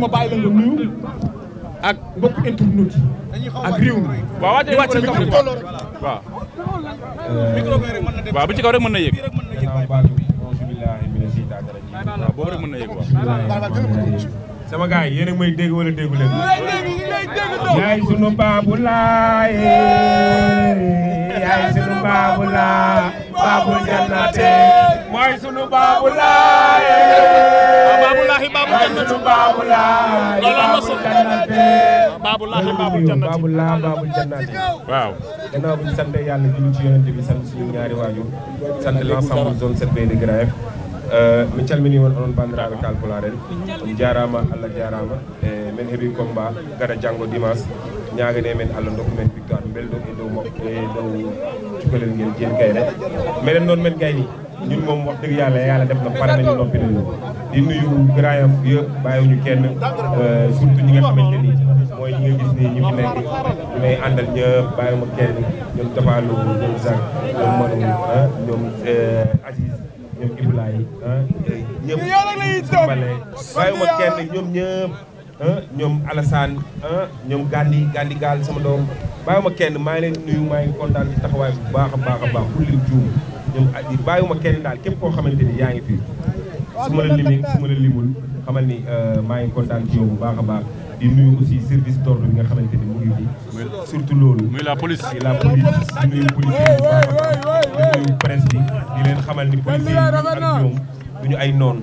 ko ak mbokk bu ci kaw rek mën na yëg. waaw boobu rek mën na yëg waaw. sama gars yi yéen a may dégg wala déggu leen. yaay sunu baabu laa yaay sunu baabu laa baabu mooy sunu baabu laay. baabu laahi baabu jannati baabu laay baabu jannati baabu laahi baabu jannati baabu laa baabu jannati waaw. gannaaw bu ñu sant yàlla julli ci yonent bi sant suñu ñaari waajur sant l'ensemble zone 7B de Grand Yoff. mi calmini won onon bandiraɓe kalpularen on jarama allah jarama e min heeɓi combat gada janggo dimanche ñagane men allah dokku men victoire belɗo e dow makko e dow cukalel ngel jeen kayre minen noon men gayni ñun moom wax dëgg yàlla yàlla dem na pare nañu noppi nañu di nuyu Grand Yoff yëpp kenn euh, surtout ñi nga xamante ni mooy ñi nga gis ni ñu fi nekk ñu may àndal ñëpp bàyyiwuma kenn ñoom Tabalou ñoom Zak ñoom Manou ah, ñoom euh, Aziz ñoom Ibrahima ah, ñëpp bale bàyyiwuma kenn ñoom ñëpp ah, ñoom Alassane ñoom Gandi Gandi Gall sama doom bàyyiwuma kenn maa ngi leen nuyu maa ngi kontaan ci taxawaay bu baax a baax a baax pour juum ñoom di bàyyiwuma kenn daal képp koo xamante ni yaa ngi fi su ma la limee su ma la limul xamal ni euh, maa ngi kontaan ci yow bu baax a baax di nuyu aussi service d'ordre bi nga xamante ni mu ngi fi surtout loolu muy la police la police di nuyu police yi bu leen xamal ni police yi ak ñoom suñu ay noon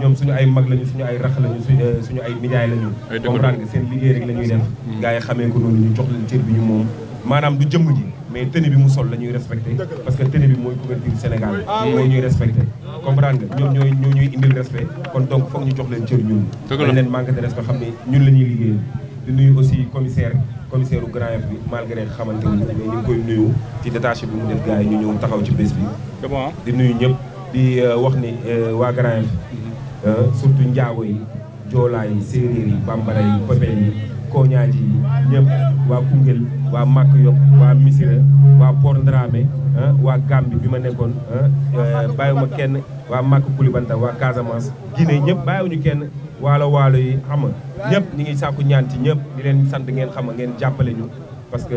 ñoom suñu ay mag lañu suñu ay rax lañu euh, suñu ay nijaay lañu comprendre que seen liggéey rek la ñuy def mm. gars yi xamee ko noonu ñu jox leen cër bi ñu moom maanaam du jëmm ji mais tenue bi mu sol la ñuy respecté parce que tenue bi mooy couverture Sénégal ah mooy ñuy respecté comprendre nga ñoom ñooy ñoo ñuy indil respect kon donc foog ñu jox leen cër ñun dañ leen manque de respect xam ne ñun la ñuy liggéeyal di nuyu aussi commissaire commissaire u Grand Yoff bi malgré xamante wuñu mais ñu ngi koy nuyu ci détaché bi mu def gars yi ñu ñëw taxaw ci bés bi di nuyu ñëpp di euh, wax ni euh, waa Grand Yoff mhm. euh, surtout njaago yi joolaa yi séeréer yi bambara yi pëpeen yi ñaan yi ñëpp waa Koungheul waa Makk Yop waa Missirah waa Port Ndramé waa Gambie bi ma nekkoon euh, bàyyiwuma kenn waa Makk Koulibanta waa Casamance Guinée ñëpp bàyyiwuñu kenn waalo waalo yi xam nga ñëpp ñu ngi sàkku ñaan ci ñëpp di leen sant ngeen xam ngeen jàppale ñu parce que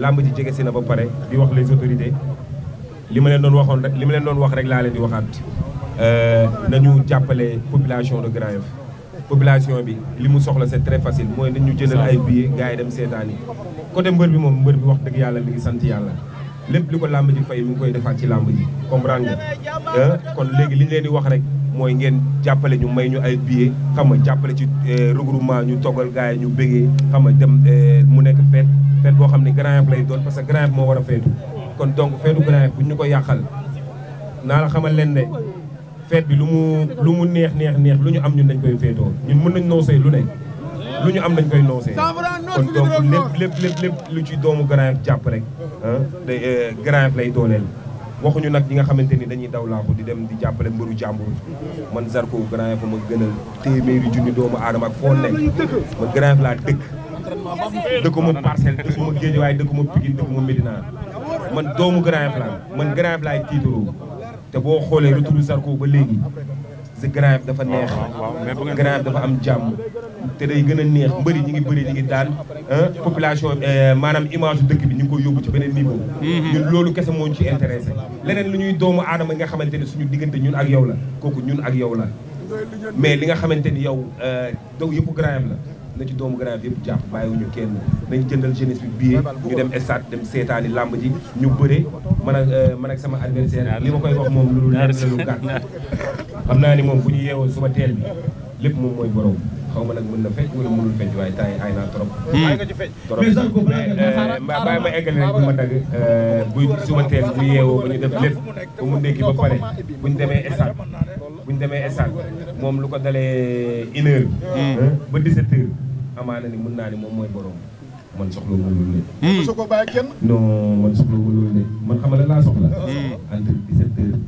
làmb ji jege si na ba pare di wax les autorités li ma leen doon waxoon rek li ma leen doon wax rek laa leen di waxaat euh, nañu jàppale population de Grand Yoff population bi li mu soxla c'est très facile mooy nañ ñu ay billets gars yi dem seetaan yi mbër bi moom mbër bi wax dëgg yàlla mi sant yàlla lépp li ko làmb ji fay mi ngi koy defaat ci làmb ji comprendre nga eh, kon léegi li leen di wax rek mooy ngeen jàppale ñu may ñu ay billets xam nga jàppale ci eh, regroupement ñu toggal gars yi ñu bégee xam nga dem eh, mu nekk fête fête boo xam ne Grand Yoff lay doon parce que Grand moo war a feetu kon donc feetu Grand bu ñu ko yàqal naa feet bi lu mu lu mu neex neex neex lu ñu am ñun dañ koy féetoo ñun mën nañ noosee lu ne lu ñu am dañ koy noosee kon donc lépp lépp lépp lépp lu ci doomu Grand Yoff jàpp rek ah euh, lay dooleel waxuñu nag ñi nga xamante ni dañuy daw laaxu di dem di jàppale mbëru jàmbur man Zarko Grand Yoff ma gënal téeméeri junni doomu aadama ak foo nekk ma Grand Yoff laa dëkk dëkkuma parcelle dëkkuma géej waaye dëkkuma Pikine dëkkuma Médina man doomu Grand Yoff laa man Grand Yoff laay tiitaroo te boo xoolee retour ko ba léegi si grand dafa neex. grand dafa am jàmm. te day gën a neex mbëri ñi ngi bëri ñi ngi daan population euh, maanaam image dëkk bi ñu ngi koy yóbbu ci beneen niveau. Mhm. ñun loolu kese moo ñu ci intéressé. leneen lu ñuy doomu aadama yi nga xamante ni suñu diggante ñun ak yow la kooku ñun ak yow la mais li nga xamante ni yow donc euh, yëpp grand la. na ci doomu Grand yëpp jàpp bàyyiwuñu kenn nañ jëndal jeunesse bi billet ñu dem stade dem seetaani làmb ji ñu bëre man ak euh, man ak sama adversaire li ma koy wax moom lu leer la lu gàtt xam naa ni moom bu ñu yeewoo suba teel bi lépp moom mooy borom xaw ma nag mën na fecc wala mënul fecc waaye temps yi ay naa trop. Hmm. trop mais euh, bàyyi ma eggali rek bu ma dagg. Euh, buy suba teel bu yeewoo ba ñu def lépp ba mu nekki ba pare bu ñu demee stade. bu ñu demee stade moom lu ko dalee une heure. Hmm. ba 17 amaana ni mën naa ni moom mooy borom. man soxla wu loolu hmm. ne. man soxla la laa soxla. Hmm. entre 17 heures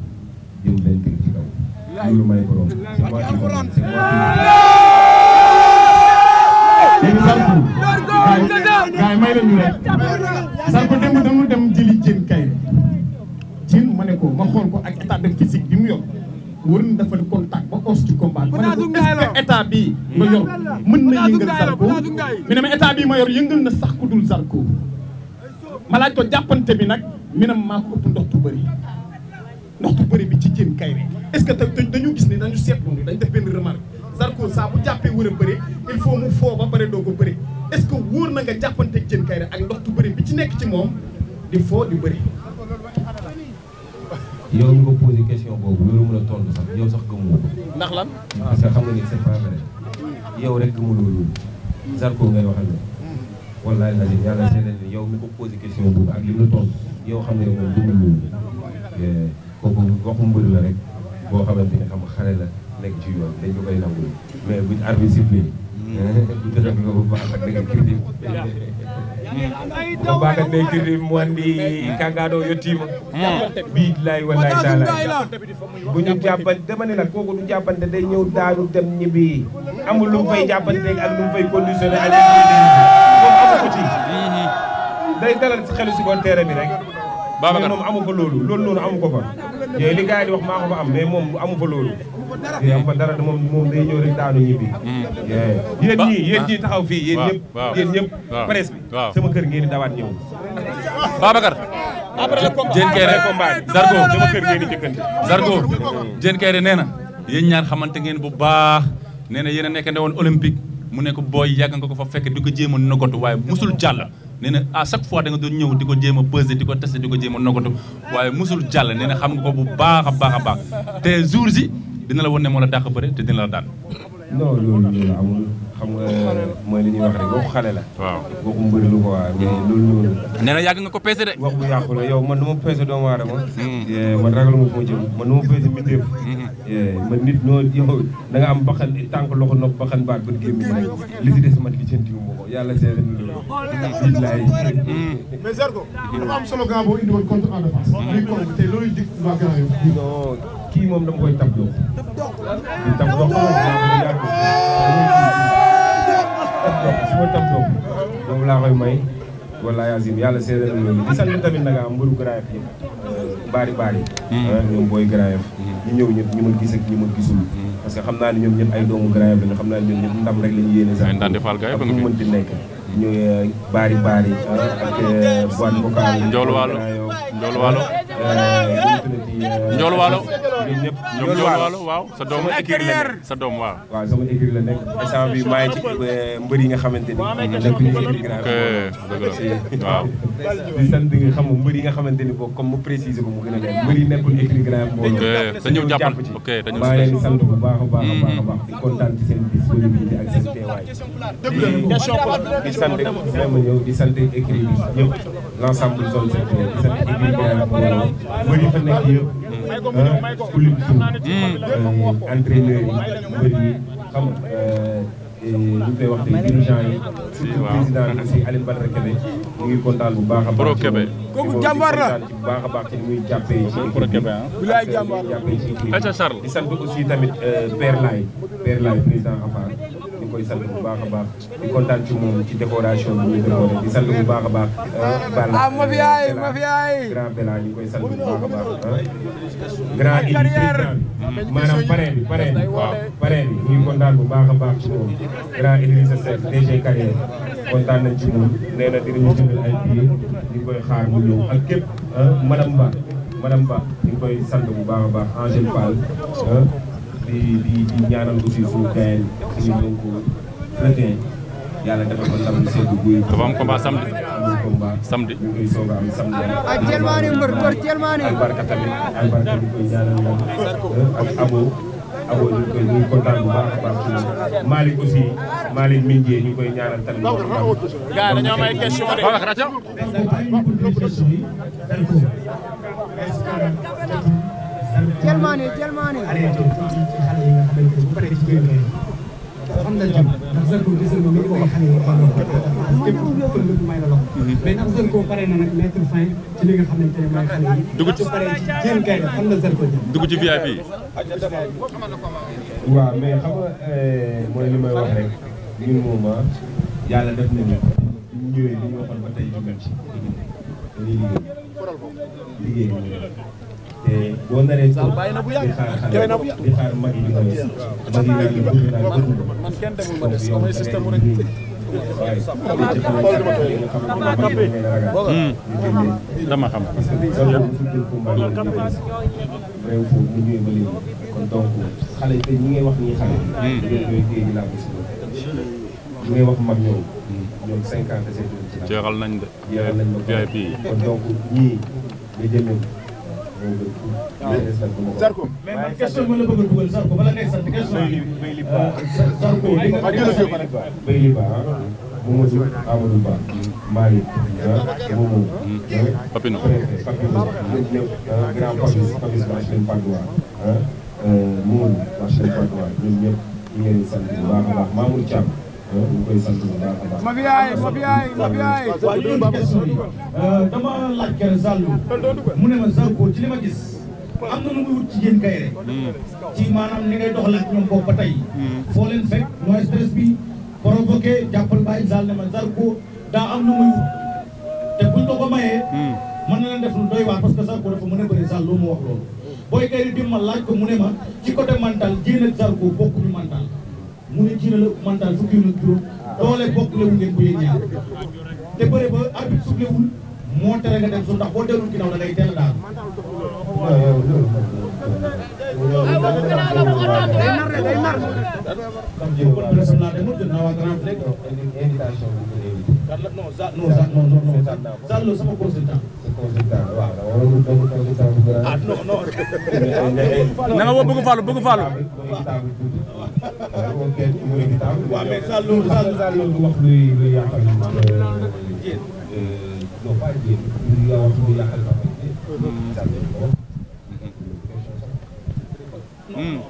jëm may borom. léegi la ñu rek Sarko dem jëli jën kay jën ma ne ma xool ko ak état war na defal contact ba os ci combat ma ne ko est-ce que état bii ma yor mën na yëngal Zarko mi ne ma yëngal na sax ku dul Zarko ma laaj ko jàppante bi nag mi ne maa ko ndox tu bëri ndox tu bëri bi ci jën kay rek est-ce que dañu gis ni dañu seetlu ni dañ def benn remarque Zarko saa bu jàppee war a bëri il faut mu foo ba pare doo ko bëri est-ce que wóor na nga jàppante jën kay rek ak ndox tu bëri bi ci nekk ci moom di foo di bëri yow ñu ko posé question boobu loolu mën a tontu sax yow sax gëmoo ko. ndax lan ah. parce que xam nga ni c'est pas vrai yow rek gëmuloo loolu. Zarko ngay waxal la. wallaahi lazim yàlla seedeel ni yow mi ko posé question boobu ak li mu la tontu yow xam nga moom gëmul loolu. Eh, kooku waxu mbër la rek boo xamante ni xam xale la nekk ci yoon dañ ko koy nangul mais buñ arbitre sifflé. bu tëral nga ko baax ak da nga critique. o mbaga ndeytirrim mo anndi kagaɗo o yettima billahi wallahi taala buñu jaban damanilat koko ɗum jabante day ñëw daanu dem ñibbi amul lum fay jabante ak lum fay conditionné ak moom amu ko ci mhm. day dalal si xelu si bon terrain bi rek mais moom amu ko loolu loolu noonu amu ko fa yooyu li di wax maa ko am mais moom amu fa loolu. fii am fa dara moom moom day ñëw rek daanu ñibbi. Hmm. yéen ñii yéen ñii taxaw fii yéen ñëpp. yéen ñëpp bi. sama kër ngeen di dawaat ñëw. Babacar. après le combat jën kay de Zargo sama kër ngeen di njëkkante. Zargo jën kay nee na. yéen ñaar xamante ngeen bu baax nee na yéen a ne ndewoon olympique mu nekk booy yàgg nga ko fa fekk di ko jéem a nogatu waaye musul jàll. nee na à chaque fois da nga doon ñëw di ko jéem a peser di ko tester di ko jéem a noggatu waaye musul jàll nee na xam nga ko bu baax a baax a baax te jour yi dina la wan ne moo la dàq bëre te dina la daan. non xam nga mooy li ñuy wax rek waxu xale la. waaw waxu mbër lu ko waa mais loolu loolu. nee na yàgg nga ko peese de. wax bu yàqu la yow man du ma peese doomu aadama. Mm. Eh, man ragal ma fu ma jëm man du ma peese mbindeef. Mm-hmm. Eh, man nit ñoo yow da nga am baxan tànk loxo nopp baxan baat bët gémmiñ rek li si des man gi jënti wu ma ko yàlla seede na loolu. billaay. Mm. mais Zarko dafa am solo gaa boo indiwoon contre en défense. Mm-hmm. muy contre te loolu dig waa gannaaw yow. non kii moom dama koy tabloo. di tabloo xam nga topp su ma tax topp boobu laa koy may wallaahi azim yàlla seedal na loolu di sant tamit nag mbëru Grand yëpp euh, baari baari hmm. euh, ñoom booy Grand hmm. ñu ñëw ñëpp ñu ma gis ak ñu ma gisul hmm. parce que xam naa ne ñoom ñëpp ay doomu Grand Yoff xam naa ne ñoom ñëpp ndam rek la ñu yéene sax ak mu mën di nekk ñu euh, baari baari ak boîte vocale njool waalo njool waalo Njool Waalo ñëpp Njool Waalo waaw sa doom écurie la sa doom waaw. waaw sama écurie la nekk instant bi maa ngi ci eh, mbër yi nga xamante ni nekk ñu écurie grand waaw di sant nga xam mbër yi nga xamante ni boo comme mu préciser ko mu gën a leer mbër yi nekkul écurie grand moo dañu jàpp ci ok dañu sant bu baax a baax a baax a baax hmm. di kontaan ci seen disponibilité ak seen teewaay di sant vraiment ñëw di sant écurie bi ñëpp l'ensemble zone di sant écurie grand mbër yi fa nekk yëpp ku euh, lim mm. suuf euh, entraîneur yi mbër yi xam euh, ñu ngi koy wax tey dirigeant yi. surtout président bi aussi Alioune Badara Kébé mu ngi kontaan bu baax a baax. pro Kébé kooku jàmbaar la bu baax a baax ci muy jàppee ci. pro Kébé ah. ak muy jàppee ci kii. di sant aussi tamit Père Laye Père Laye président Afar. koy sant bu baax a baax di kontaan ci moom ci décoration bu ñu décoré di bu baax a baax. Euh, ah ma fi yaay ma fi yaay grand Bella ñu koy sant bu baax a baax grand Ili président maanaam parrain bi parrain waaw parrain bi ñu ngi bu baax a baax ci moom grand Idrissa Seck DG Carrière kontaan nañ ci moom nee na dinañu jëndal ay billets ñu koy xaar mu ñëw ak képp madame Ba madame Ba ñu koy sant bu baax a baax Angèle Fall. di di di ñaanal aussi suñu gayeen suñu donc requin yàlla defal ko ndam sedd guy. dafa am combat samedi. amul combat samedi. ñu koy soog a am samedi. ak Jelmani mbër mbër Jelmani. ak barka tamit ak barka ñu koy ñaanal ndam ak abo. abo ñu koy ñu kontaan bu baax a baax ci moom Malick aussi Malick Mindié ñu koy ñaanal tamit. gars dañoo am ay questions de. jelmaane jelmaane xale yi nga xamante ne bu paree ci biir xam nañ ndax Zarko gis nañ ko ko xale yi képp ku ëllëg may la loxo mais ndax Zarko pare na nag mettre fin ci li nga xamante ne mooy xale yi dugg ci pare ci jël kay la fan la Zarko jëm dugg ci VIP waaw mais xam nga mooy li may wax rek ñun moom yàlla def nañu ñu ñëwee li ñu waxoon ba tey dugal ci dañuy liggéey liggéey te eh, boo naree toog di xaar xale di xaar mag yi di ko weesu mag yi naan la gudd naa gudd na donc yow da ngay déglu waaye ci xale yi nga xam ne mag yi dañ leen ragal. ñu dama xam parce que loolu football combat la ñu réew foofu mu ñëwee ba léegi kon donc xale yi te ñi ngay wax ñii xale yi. ñoom hmm. ñooy téye di làmb si ñi ngay wax mag ñoom ñoom cinquante sept ci làmb jeexal nañ de jeexal nañ ma kon donc ñii nga jël leen Zarko mais man question ma la bëgg a dugal Zarko bala ngay sant question. Bayli Ba Zarko euh, li nga Bayli Ba ah. Mamadou Amadou Ba Malick ah. Momo Papino Papino ah, grand Papis Papis Marcelin Padoua euh, Momo Marcelin Padoua ñun ñëpp ñu ngi leen di sant bu baax a baax Mamour Thiam donc ñu koy sant bu baax a baax. ma fi yaay ma fi yaay ma fi yaay. waaw loolu question bi dama laaj kër Zallo mu ne ma Zarko ci li ma gis am na lu muy wut ci jën kayre. ci maanaam ni ngay doxalee ak ñoom boobu ba tey. foo leen fekk mooy stress bi provoqué jàppal bàyyi Zall ne ma Zarko daa am lu muy wut te buñ ko ko mayee. mën na leen def lu doy waar parce que Zarko dafa mën a bëri Zall loo mu wax loolu. booy kayri di ma laaj ko mu ne ma ci côté mental jéem ak Zarko bokkuñu mental. mu ne jiina la man daal fukki na juróom doole bokk lewu ngeen ko yéen ñaar te bëre ba arbitre sublewul moo tere nga dem su ndax boo delul ginnaaw da ngay teel a daal Sall sama consultant na nga woo bëgg Fallou bëgg Fallou moom kenn ci mooy di taal. waaw mais Sall loolu Sall loolu wax luy luy yàqal. non pas jéem. lu nga wax luy yàqal papa ji. Sall loolu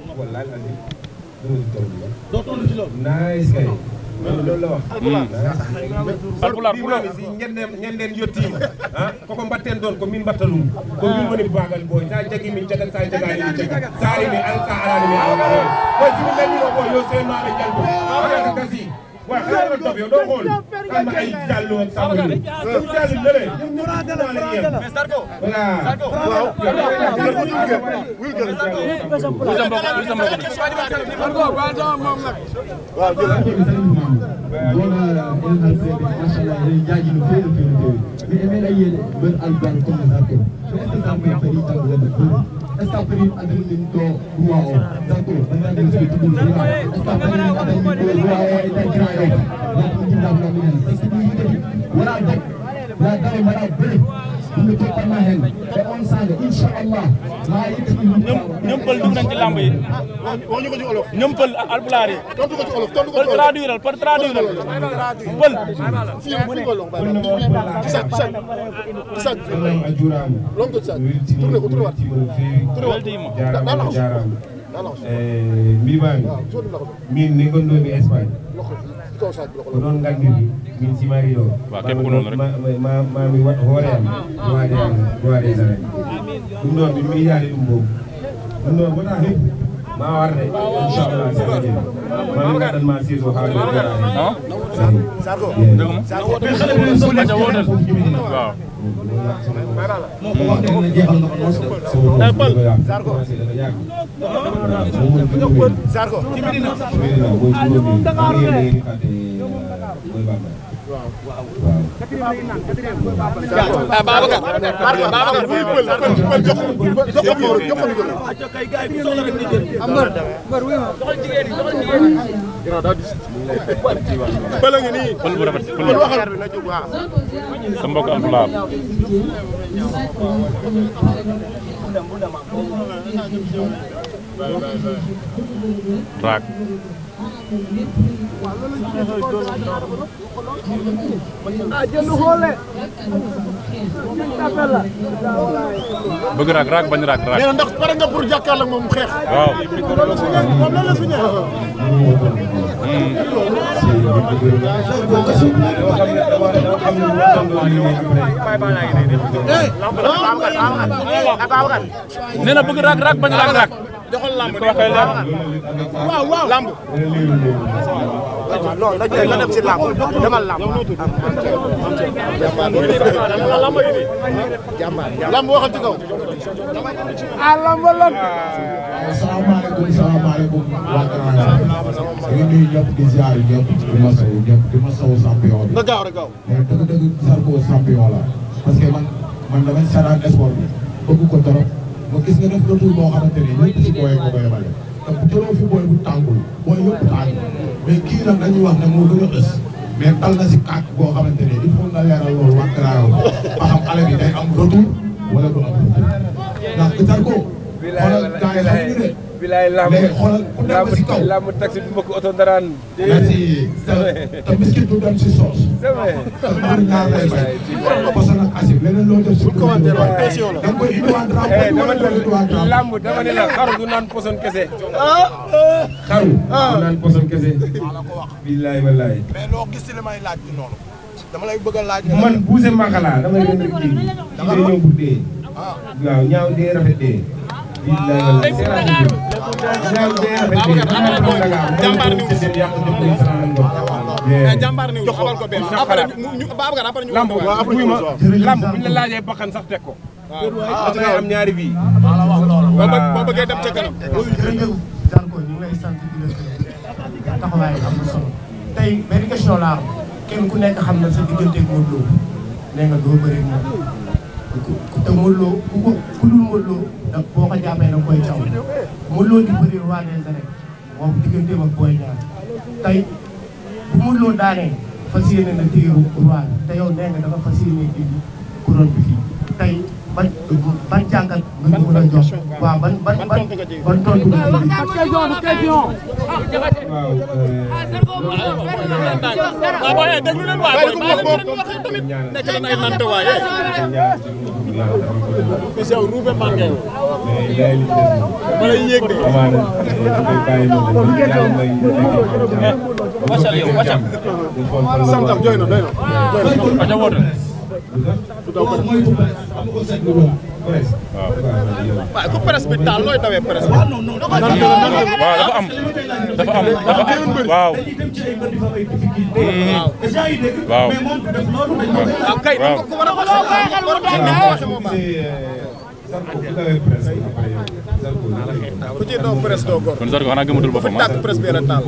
ko. walaay la ni. doo tontu ci loolu. nice kay. loolu la wax. alpulaar alpulaar si ñeneen ñeneen yotti ah koko mbatten doon ko min mbattalum ko min woni baagal boy sa jagi min jagal sa jagaani min jagal sa ari min an sa alaani min waaw xaaral ma toog yow doo xool am na ay jàllu ak sàmm yi jàllu nële mais Zarko voilà waaw waaw waaw waaw waaw estafari adal min to droit o dato banda min to tudul droit estafari adal min to droit o e ta grand yo donc min dam na min parce que min yitati wala dak yagare mbaɗa bee ɗumɓe toppanma hen e on saale inchallah ma yettii ñempal dug nan ci lamb yi woñu ko ci olof ñempal alpulaar pël sak sak sak lon ko sak tourne ko tourne wat tourne wat da laxu da laxu e mbimami min ne gonɗomi espagne noon nganndiri min simaariɗo mami hoore am waade am waade sara ɗum ɗon min mi yiyaade ɗum fof ɗum ɗon wona heppu maa war de incha allah jërë ngeen maa ngi daan maa siisu xaaral di ko daal. Sarko xale bu ñu soxla wóotal waaw. moom bu wax dëgg la jeexal na ko noos de. tey Pall Sarko. Sarko. Sarko. waaw waaw. ah Babacar Babacar muy pël pël pël jox jox ko mu yor jox ko mu yor. pël a ngi nii. pël bu rafet pël bu waxal. sa mbokk am laab. raak bëgg raak raak bañ raak raak. nee na ndax pare nga pour jàkkaarloo bëgg raak raak bañ raak raak. doxal lamb waaw waaw lamb. non na dem si lamb demal lamb. lamb waxal ci kaw. ah lamb lan. asalaamaaleykum salaamaaleykum. ñu ngi nuyu ñëpp di ziar ñëpp di ma sow ñëpp di ma sow champion bi. nga gaaw rek gaaw. mais dëgg-dëgg Zarko champion la parce que man man damay saraan sport bi bëgg ko trop. moo gis nga def retour boo xamante ni ñëpp si booyee ko ko yemale te bu jëloo fi booy bu tàngul booy yëpp tàng mais kii nag dañuy wax ne moo gën a ës mais tal na si kàkk goo xamante ni il faut na leeral loolu waxtaanoo ba xam xale bi day am retour wala du am retour ndax Zarko. wala gars yi xam ñu ne. bilaay lamb xoolal ku nekk si kaw lamb taxi bi mbokk oto ndaraan. merci te biscuit du dem si soos. c'est vrai ñaar lay may. leneen loo def si da nga koy indiwaat eh, drapeau lamb dama ne la xaru du naan poson kese. Ah, ah. xaru du ah. naan poson kese. bilaay wallaay. mais loo gis li may laaj bi noonu. dama lay bëgg a laaj. man buuse Makala damay gën a kii. dama ñëw pour dee. waaw ñaaw dee rafet dee. jàmbaar ni jox ko benn après ñu Babacar après ñu lamb lamb buñ la laajee bakkan sax teg ko waaw da ngay am ñaari bi boo bëggee dem ca kanam Zarko ñu ngi la gërëm taxawaay am na solo tey benn question laa am kenn ku nekk sa diggante ak Modou Lo nee nga doo bëri moom te Modou Lo ku ko ku dul Modou Lo da boo ko jàppee da koy caw Modou Lo di bëri roi des arènes wax digganteem ak Boy Niang bu Modou Lo daanee fas na téye roi te yow nee nga dafa fas yéene indi bi fii tey ban ban jàngat nga ñu mën a jox waaw ban ban ban ban tontu nga ñu. waaw. Ah, waaye déglu leen waay booy maa leen leen waxee tamit nekk leen ay nante waay. parce que yow ruube maa ngi yow. ma lay yéeg de. macha allah yow macha allah. sant ak jooy na doy na. loolu mooy bu presse am ko seetlu wala presse. waaw waaw ku presse bi taal nooy dawee presse bi. waaw dafa am dafa am dafa am mm-hmm. waaw. waaw waaw kay ko ko war a ku ci doon presse doo góor. kon Zarko xanaa gëmatul boppam ah. tàkk presse bi yàlla taal.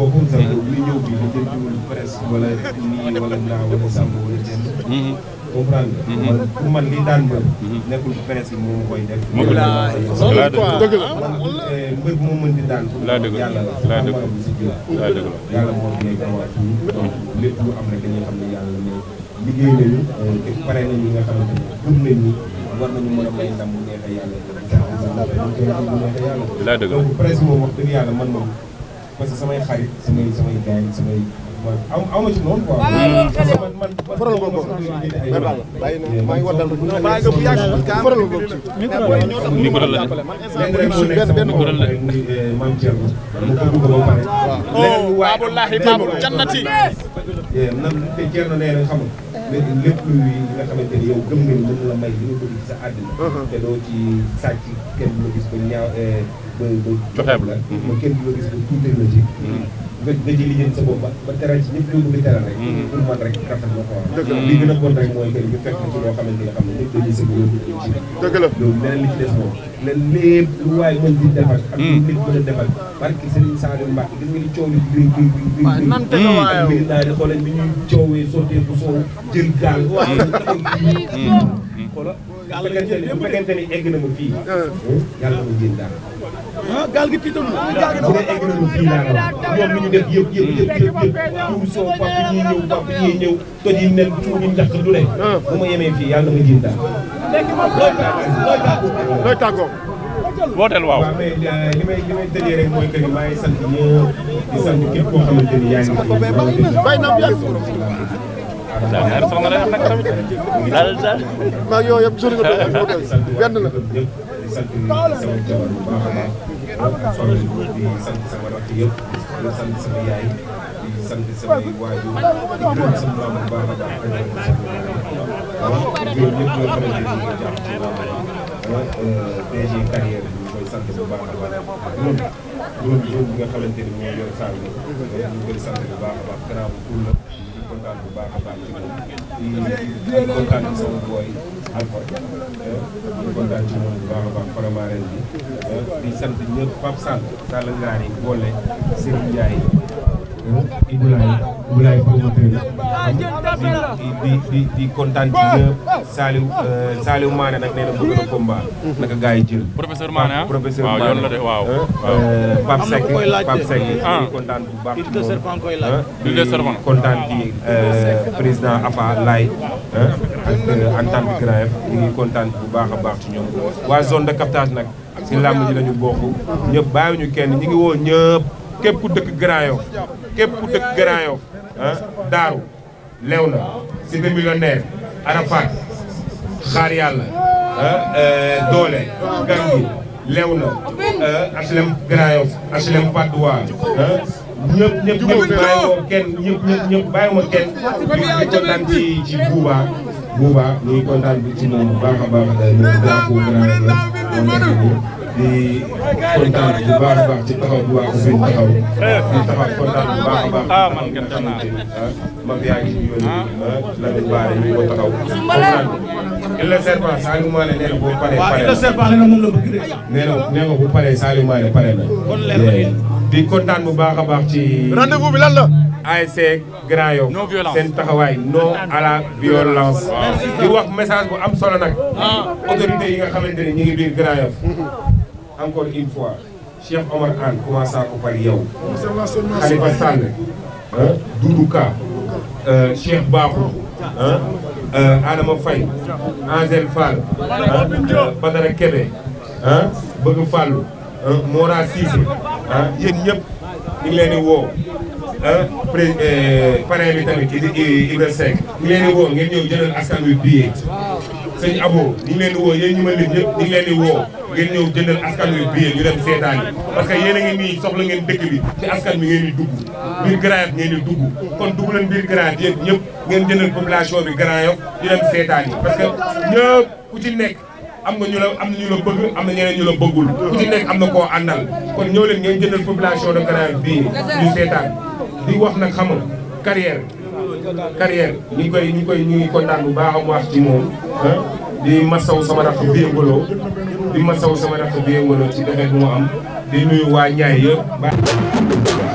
wala nii wala ndaa wala sàmm wala jënd. comprendre mhm. pour man lii daan mbër. nekkul bu ma mënti daan. laa dëgg la laa dëgg la laa dëgg la yàlla moo fi nekk awaat donc yàlla ne liggéey nañu eh, te ne gëm nañu war nañu mën a may ndam bu neexee yàlla. bu neexee yàlla. laa dëgg la donc presse moom wax dëgg yàlla man moom parce que samay xarit samay samay gars yi samay. aw ma ci noonu quoi. faral ko ko bàyyi na maa ngi war daal maa ngi bu yàgg faral ko ci micro la benn benn micro la eh, maam baabu jannati nan eh, nga lépp ni yow gëm nga la may li nga sa àddina uh-huh. te doo ci sàcc gis ba ñaaw eh, ba ba joxeeb la ba kenn du la nga nga ci liggéey sa bopp ba ba teral ci ñëpp ñoo bëgg teral rek. Mm-hmm. pour man rek rafet moo ko war. dëgg la li gën a bon rek la loolu leneen li ci des moom la lépp lu waay mën di mm-hmm. a nga ni coow li bi ñuy coowee sotteeku soow jël gaal. waaw bu fekkente ni egg na ma fii. Ah. yàlla na ma jéem daal. ah gaal gi tiitoon na. bu ñu def yëpp yëpp yëpp yëpp yëpp. tuur soo pap ñuy ñëw pap ñuy ñëw ne. Ah. bu ma yemee fii yàlla na ma jéem daal. looy tàggoo looy tàggoo. waaw. Euh, daal ñaari soxna la nag tamit daal daal. maa ngi yow yëpp journée nga doon def benn la. di sant sama rakk yëpp di sant sama yaay di sant sama waajur di gërëm sama maam bu baax a baax ak ñoom ñëpp ñoo xamante ni ñoo jàpp ci DG carrière bi koy sant bu baax a baax loolu loolu bi nga xamante ni moo yor saa bi ñu koy sant bu baax a baax gannaaw bu la kontaan bu baax a baax ci moom mm. di kontaan ci sama booy Alpha eh, di kontaan ci moom bu baax a baax vraiment ren bi eh, di sant ñëpp Pape Sall Sall Ngari Bolle Serigne Ndiaye eh, Ibou Laye Moulay promoteur di di di kontaan ci ñëpp Saliou euh, Saliou Mané nag nee na bëgg na combat. naka ah? la de waaw. Euh, Pape Seck Pape Seck di bu baax ci moom. di kontaan ci euh, président Afa Lay kontaan bu baax a baax ci ñoom. waa zone de captage nag si làmb ji nañu bokk ñëpp bàyyiwuñu kenn ñu ngi woo ñëpp képp ku dëkk Grand képp ku dëkk Grand Daaru Léona Cité Millionnaire Arafat Xaar euh, Doole Gangi Léona HLM Grand Yoff HLM Patte d'Oie ñëpp ñëpp ñëpp bàyyi ma kenn ñëpp ñëpp ñëpp bàyyi ma kenn di kontaan ci ci kontaan bi ci moom bu baax a baax day ñëw grand pour grand di kontaan bu baax a baax ci taxaw bu baax bi taxaw ah, di taxaw kontaan bu baax a baax. ah man gën naa ah, ma fi yaa ah, la di baare ñu ko taxaw. il le serpent Saliou Mané nee na boo paree pare na bu paree Saliou Mané pare na. di kontaan bu baax a baax ci. rendez-vous bi lan la. ASC Grand Yoff seen taxawaay di wax message bu am solo nag. autorité yi nga xamante ne ñu ngi biir Grand encore une fois Cheikh Omar Anne commencé ko par yow. Khalifa Sall. Doudou Ka. Euh, Cheikh Bakhou. Euh, Adama Faye. Angel Fall. Badara Kébé. Bëgg Fallou. Mora Cissé. yéen ñëpp ñu ngi woo. pré euh, parrain bi tamit di Ibra Seck. ñu woo ngeen ñëw jëlal askan wi billet. sëñ Abo ñu ngi leen woo yéen ñu ma leen ñëpp woo ngeen ñëw jëndal askan wi billet ñu dem seetaan parce que yéen a ngi nii soxla ngeen dëkk bi ci askan bi ngeen di dugg biir Grand Yoff ngeen dugg kon dugg leen biir Grand Yoff yéen ñëpp ngeen jëndal population bi Grand Yoff ñu dem seetaan yi parce que ñëpp ku ci nekk am nga ñu la am na ñu la bëgg am na ñeneen ñu la bëggul ku ci am na koo àndal kon ñëw leen ngeen jëndal population de Grand Yoff bii seetaan di wax nag xam nga carrière ñu ngi koy ñu koy ñu ngi kontaan bu baax a wax ci moom ah. di masaw sama rakk bi ngolo di masaw sama rakk bi ngolo ci defet bu am di nuyu waa ñaay yëpp